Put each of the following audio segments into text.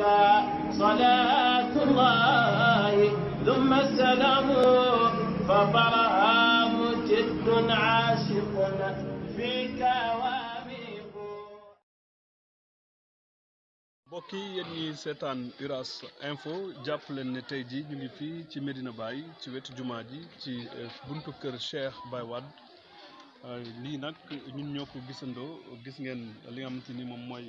عليك صلاة yi seetaan Uras Info jàpp leen ne tey jii ñu ngi fii ci Medina Baye ci wetu jumaa ji ci euh, buntu kër Cheikh Baye Wade euh, lii nag ñun ñoo ko gisandoo gis ngeen li nga xamante ni moom mooy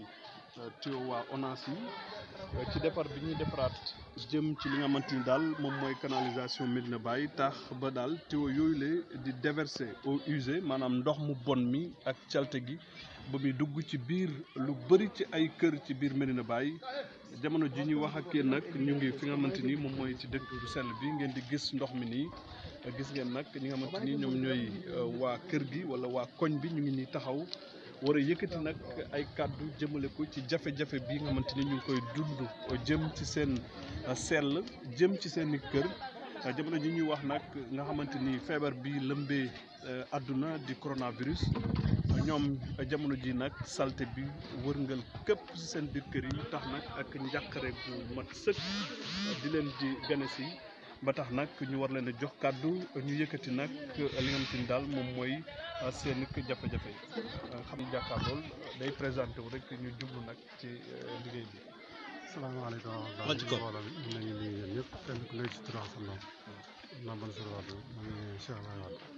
tuyau waa ONAS yi ci defar bi ñuy deparaat jëm ci li nga xamante ni daal moom mooy canalisation Medina Baye tax ba daal tuyau yooyu la di déverser eaux usées maanaam ndox mu bon mi ak calte gi ba muy dugg ci biir lu bëri ci ay kër ci biir Medina Baye jamono ji ñuy wax ak yéen nag ñu ngi fi nga xamante ni moom mooy ci dëkk bu sell bi ngeen di gis ndox mi nii gis ngeen nag ñi nga xamante ni ñoom ñooy euh, waa kër gi wala waa koñ bi ñu ngi nii taxaw war a yëkkati nag ay kàddu jëmale ko ci jafe-jafe bi nga xamante ñu koy dund jëm ci seen ah, sell jëm ci seen i kër ah, jamono ji ñuy wax nag nga xamante ni feebar bi lëmbee eh, àdduna di coronavirus ah, ñoom jamono ji nag salte bi wërngal képp ci seen biir kër yi tax nag ak njàqare bu mat sëkk di leen di gane si ba tax nag ñu war leen jox kàddu ñu yëkkati nag li daal moom mooy seen jafe-jafe jàkkaarlool day présenté wu rek ñu jublu nag ci euh, liggéey bi. salaamaaleykum wa rahmatulah. wàcc ko mbooloo mi ñu ngi leen di nuyu ñëpp kenn ku nekk ci turam sa ndoom. maa ngi bëgg a mu ngi Cheikh Laye Wade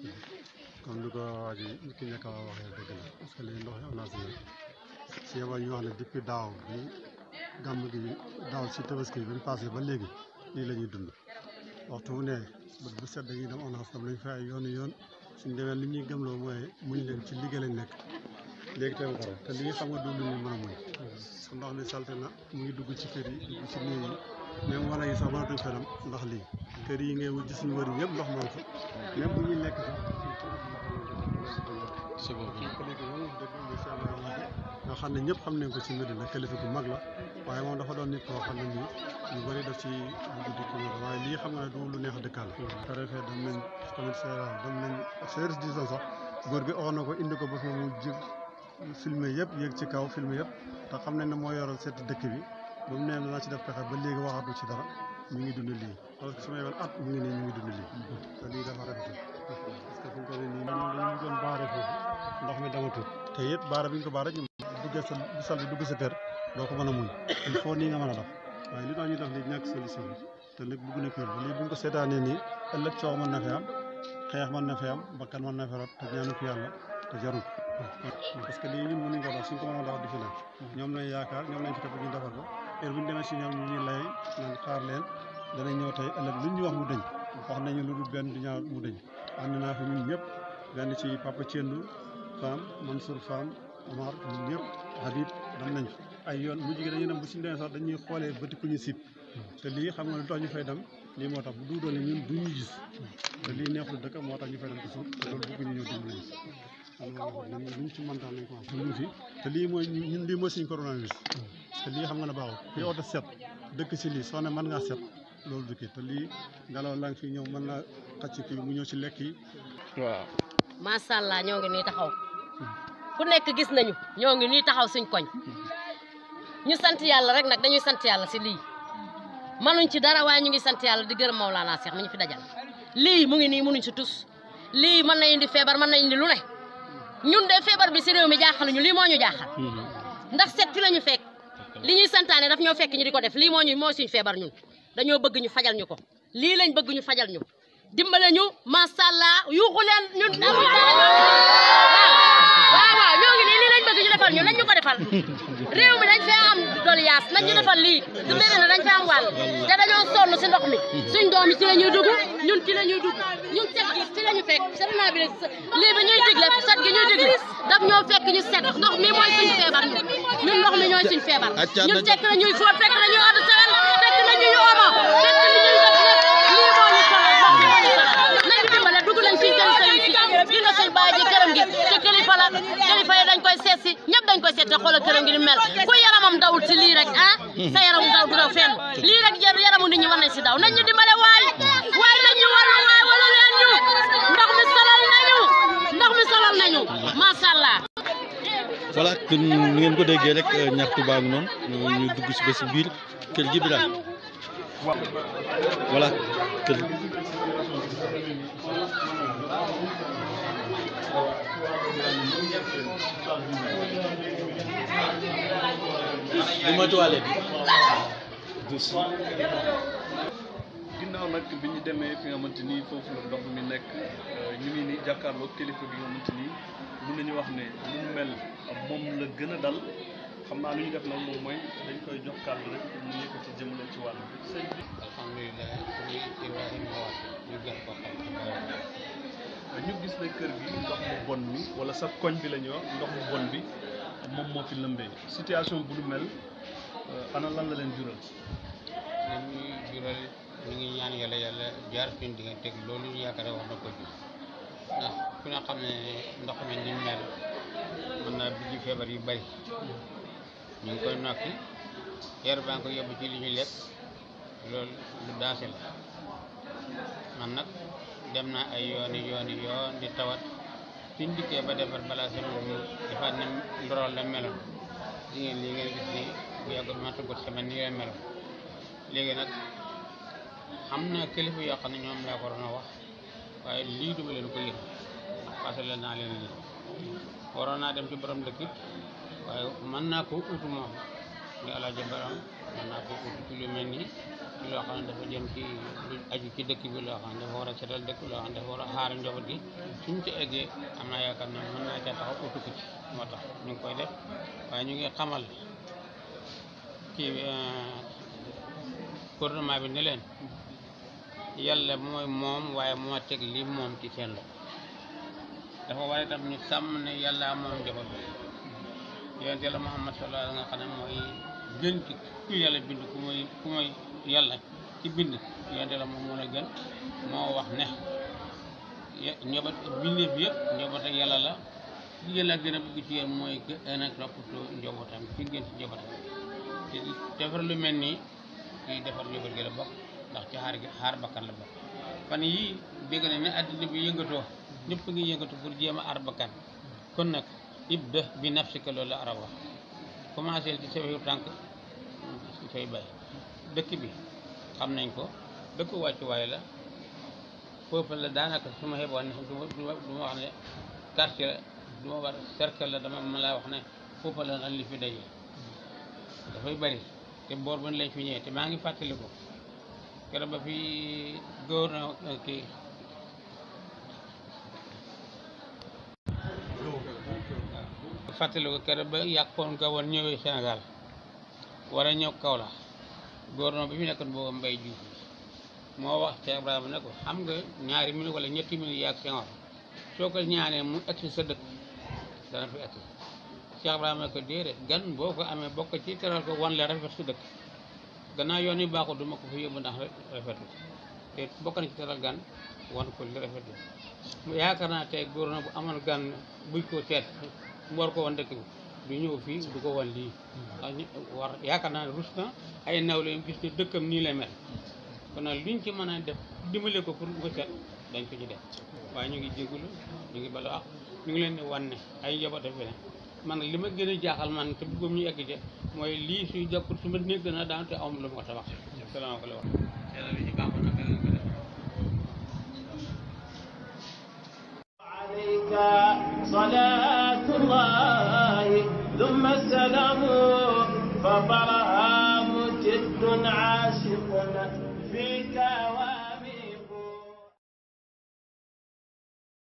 comme ni ko waa ji ki nekk a waxee dëgg la parce que léegi ndox yi am naa si si yow ñu wax ne depuis daaw bi gàmm gi daaw si tabaski bi ñu passé ba léegi lii la ñuy dund waxtu bu ne bët bu set dañuy dem on a lañ fay yoon yoon suñ demee li ñuy gëmloo mooy muñ leen ci liggéey lañ nekk. léegi tey nga te xam nga du lu ñu mën a muñ su ndox mi salte na mu ngi dugg ci kër yi dugg ci néeg yi même wala yi sax mënatuñ fenam ndax lii kër yi ngay gis ñu wër yëpp ndox man ko même bu ñuy lekk sax nga xam ne ñëpp xam nañ ko ci Medina kilifa bu mag la waaye moom dafa doon nit koo xam ne nii ñu bëri daf ci dugg di ko waaye lii xam nga ne du lu neex dëkkaale préfet dam nañ tamit seera dam nañ service di sax góor gi oo ko indi ko ba filmé yëpp yéeg ci kaw filmé yëpp te xam nañ ne moo yoroon seet dëkk bi ba mu nee na ci def pexe ba léegi waxatu ci dara ñu ngi dund lii parce que su ma yoroon at mu ngi nii ñu ngi dund lii te lii dafa rafetul parce que fu mu ndox mi damatul te it baare bi ko baare ñu duggee sa sal bi dugg sa kër doo ko mën a muñ il nii nga mën a def waaye li tax ñu def lii ñàkk solution bi te nag bëgg na kër lii bu ñu ko seetaanee nii ëllëg coow mën na fi am xeex mën na fi am bakkan mën na fi te ñaanu ko yàlla te jarul parce que lii ñun mënuñ ko dox suñ ko mënoon dox di fi la ñoom lañ yaakaar ñoom lañ fi topp ko heure ñu demee si ñoom leen danañ ñëw tey ëllëg luñ ñu wax mu dëñ wax nañu lu dul benn du ñaar mu dëñ ànd naa fi ñun ñëpp benn ci Papa Thiendou Fane Mansour Fane Omar ñun ñëpp Habib dem nañ ay yoon mu gi dañuy dem bu suñ demee sax dañuy xoolee bëti ku ñu sib te lii xam nga lu tax ñu fay dem lii moo tax bu duudoon ñun duñu gis te lii neexul dëkk moo tax ñu fay dem ko suuf te loolu bëgg ñu ñëw dimbali luñ ci mën daal lii mooy ñun lii mooy suñu coronavirus xam nga ne baaxul kuy oto set dëkk si lii soo ne mën ngaa set loolu du kii te lii ngelaw laa fi ñëw mën naa xacc kii mu ñëw si lekk yi waaw macha allah ñoo ngi nii taxaw ku nekk gis nañu ñoo ngi nii taxaw suñ koñ ñu sant yàlla rek nag dañuy sant yàlla si lii manuñ ci dara waa ñu ngi sant yàlla di gërëm Mawlana Cheikh mi ñu fi dajal lii mu ngi nii munuñ si tus lii mën na indi feebar mën na indi lu ne ñun de feebar bi si réew mi jaaxaluñu lii moo ñu jaaxal mm-hmm. ndax set fi la ñu fekk li ñuy santaane daf ñoo fekk ñu di ko def lii moo ñu moo suñu feebar ñun dañoo bëgg ñu fajal ñu ko lii lañ bëgg ñu fajal ñu dimbale ñu macha allah yuuxu ñun amul ñu defal ñu nañ ñu ko réew mi dañ fee am doliyaas nañ defal lii du mel ne dañ fee am wàll toll si ndox mi suñ doom yi ci la ñuy dugg ñun ci la ñuy dugg ñun set gi ci la ñu fekk setanaa bi la lii bi ñuy digle set gi ñuy digle daf ñoo fekk ñu set ndox mi mooy suñ feebar ñun ñun ndox mi ñooy suñ feebar ñun fekk na ñuy fóot fekk na ñuy odd sawel fekk na ñuy omo nañ ko seet te xoolal këram gi mel ku yaramam dawul ci lii rek ah sa yaram daw du daw fenn lii rek jër yaramu nit ñi war nañ si daw nañ dimbale waay waay nañ ñu wàllu waay leen ñu ndox mi solal nañu ndox mi solal nu ngeen ko déggee rek euh, ñaxtu baa ngi noonu ñu dugg si ba si biir kër gi bi daal kër li ma toilette bi ginnaaw nag bi ñu demee fi nga xamante ni foofu la ndox mi nekk euh, ñu ngi nii jàkkaarloo kilifa bi nga xamante ni mun nañu wax ne lu mel moom la gën a dal xam naa lu ñu def nag moom mooy dañ koy jox kàddu rek mu nekk ci jëmale ci wàll bi bi alhamdulilah gis ne kër gi ndox mu bon mi wala sa koñ bi la ñuy bon bi moom moo fi lëmbee situation bu lu mel euh, ana lan la leen jural. lan ñuy jural ñu ngi ñaan yàlla yàlla jaar suñu diggante ak loolu ñu yaakaar wax na ko ji ndax ku xam ne ndox mi ni mel mën naa bijji feebar yu bari ñu ngi koy nokki yer baa ngi ko yóbbu ci li ñu lekk loolu daase la man nag dem na ay yooni yooni yoon di tawat. suñ dikkee ba defar balaa solo mu defaat na ndorool la meloon di ngeen lii ngeen gis ni bu yàggut matagut sama nii la meloon léegi nag xam na kilifa yoo xam ne ñoom laa ko waroon wax waaye lii duma leen ko yëg ndax passé naa leen lii waroon naa dem ci borom dëkk waaye mën naa ko utu moom muy alaaji borom mën naa ko utu ci mel nii loo dafa jëm ci dëkk bi loo dafa war a setal dëkk loo xam ne dafa war a xaar njaboot gi suñ ci eggee am naa ne mën naa caa taxaw ko ci moo tax ñu ngi koy def waaye ñu ngi xamal ci euh, gouvernement bi ne leen yàlla mooy moom waaye moo teg li moom ki seen loxo dafa war itam ñu sàmm ne yàlla moom njaboot bi yonent yàlla Muhammad sallallahu alayhi wa sallam nga xam ne mooy gën ci ku yàlla bind ku mooy ku mooy yàlla ci bind yonte moom moo la gën moo wax ne njaboot bindeef yëpp njaboot ak yàlla la ci yàlla gën a mooy que un ak toppatoo njabootam ci gën defar lu mel nii kii defar njaboot gi la bokk ndax ci xaar xaar bakkan la bokk fan yii dégg na ne àddina bi yëngatoo ñëpp ngi yëngatu pour jéem a aar bakkan kon nag ibda bi nafsika loolu la arab wax commencé ci sa wewu tànk su fay bay dëkk bi xam nañ ko dëkk wàccuwaay la foofu la daanaka su ma xeboon ne du ma wax ne quartier la du cercle la dama ma laa wax ne foofu la lan li fi daje dafay bari te boor ban lañ fi ñëwee te maa ngi fàttali ko keroog ba fi góor na fàttaliku keroog ba yàqoon nga woon ñëwee Sénégal war a ñëw kaw la gouvernement bi fi nekkoon boobu mbay Diouf moo wax Cheikh Ibrahima ne xam nga ñaari minute wala ñetti minute yàgg Senghor soo ko ñaanee mu egsi sa dëkk dana fi egsi Cheikh Ibrahima ko déedéet gan boo ko amee bokk ci teral ko wan la rafet su dëkk gannaaw yoon yu baaxul duma ko fi yóbbu ndax rafetu te bokk na ci teral gan wan ko li rafetu yaakaar naa tey gouvernement bu amoon gan buñ ko teet mu war ko wan dëkk bi du ñëw fii du ko wan lii hmm. war yaakaar naa rus na ay nawle gis ne dëkkam nii la mel kon nag luñ ci man a def dimbale ko pour mu set dañ ko ci de waaye ñu ngi jégalu ñu ngi bala ñu ngi leen di wan ne ay njabootam fi ne man li ma gën a jaaxal man te bëggum ñu egg ci mooy lii suy jàppul su ma nekk na daan te am lu ma ko tabax salaamaaleykum صلاة ثم السلام